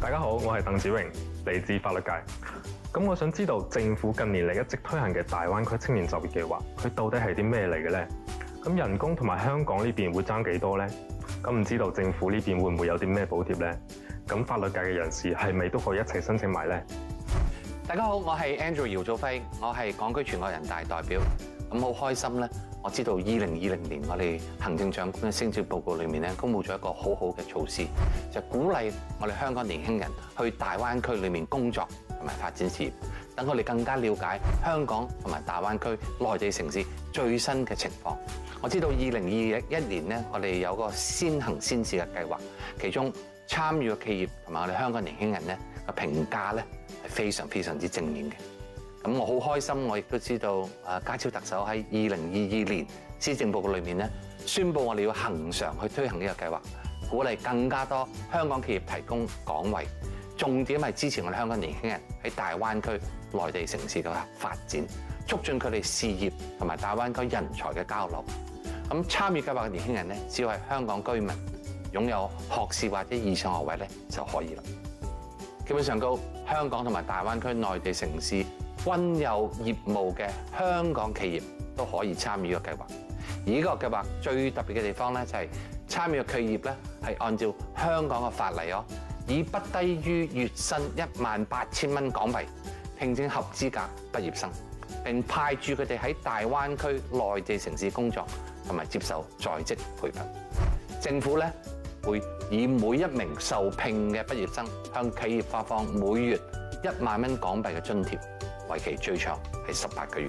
大家好，我係鄧子榮，嚟自法律界。咁我想知道政府近年嚟一直推行嘅大灣區青年就業計劃，佢到底係啲咩嚟嘅咧？咁人工同埋香港呢邊會爭幾多咧？咁唔知道政府呢邊會唔會有啲咩補貼咧？咁法律界嘅人士係咪都可以一齊申請埋咧？大家好，我係 Andrew 姚祖輝，我係港區全國人大代表。咁好開心呢。我知道二零二零年我哋行政長官嘅施政報告裏面公布咗一個好好嘅措施，就鼓勵我哋香港年輕人去大灣區裏面工作同埋發展事業，等我哋更加了解香港同埋大灣區內地城市最新嘅情況。我知道二零二一年呢，我哋有個先行先試嘅計劃，其中參與嘅企業同埋我哋香港年輕人呢個評價呢係非常非常之正面嘅。咁我好開心，我亦都知道。誒，家超特首喺二零二二年施政報告裏面咧，宣布我哋要恆常去推行呢個計劃，鼓勵更加多香港企業提供崗位，重點係支持我哋香港年輕人喺大灣區內地城市嘅發展，促進佢哋事業同埋大灣區人才嘅交流。咁參與計劃嘅年輕人咧，只要係香港居民擁有學士或者以上學位咧，就可以啦。基本上，個香港同埋大灣區內地城市。均有業務嘅香港企業都可以參與個計劃，而呢個計劃最特別嘅地方咧，就係參與嘅企業咧，係按照香港嘅法例咯，以不低於月薪一萬八千蚊港幣聘請合資格畢業生，並派駐佢哋喺大灣區內地城市工作同埋接受在職培訓。政府咧，會以每一名受聘嘅畢業生向企業發放每月一萬蚊港幣嘅津貼。為期最長係十八個月。